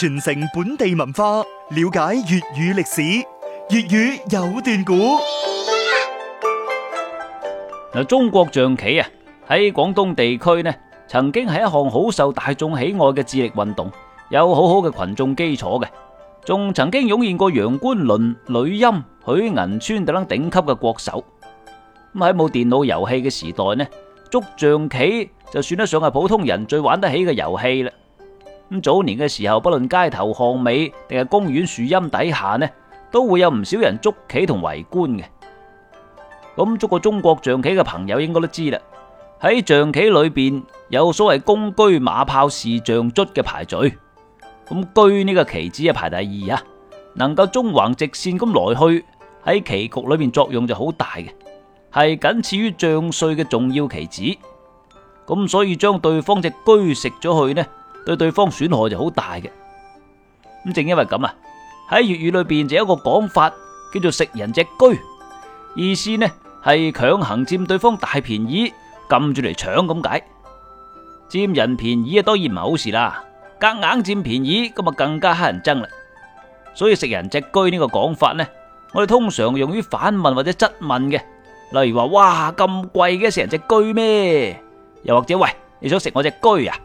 傳承本地文化，了解粵語歷史，粵語有段古。嗱，中國象棋啊，喺廣東地區呢，曾經係一項好受大眾喜愛嘅智力運動，有好好嘅群眾基礎嘅，仲曾經湧現過楊官璘、呂欽、許銀川等等頂級嘅國手。咁喺冇電腦遊戲嘅時代呢，捉象棋就算得上係普通人最玩得起嘅遊戲啦。咁早年嘅時候，不論街頭巷尾定係公園樹蔭底下呢，都會有唔少人捉棋同圍觀嘅。咁捉過中國象棋嘅朋友應該都知啦，喺象棋裏邊有所謂“公車馬炮士象卒”嘅排序。咁車呢個棋子啊排第二啊，能夠縱橫直線咁來去，喺棋局裏邊作用就好大嘅，係僅次於將帥嘅重要棋子。咁所以將對方隻車食咗去呢，對對方損害就好大嘅，咁正因為咁啊，喺粵語裏邊就有一個講法叫做食人隻車，意思呢係強行占對方大便宜，撳住嚟搶咁解。占人便宜啊，當然唔係好事啦，夾硬占便宜咁啊，就更加乞人憎啦。所以食人隻車呢個講法呢，我哋通常用於反問或者質問嘅，例如話，哇，咁貴嘅食人隻車咩？又或者喂，你想食我隻車啊？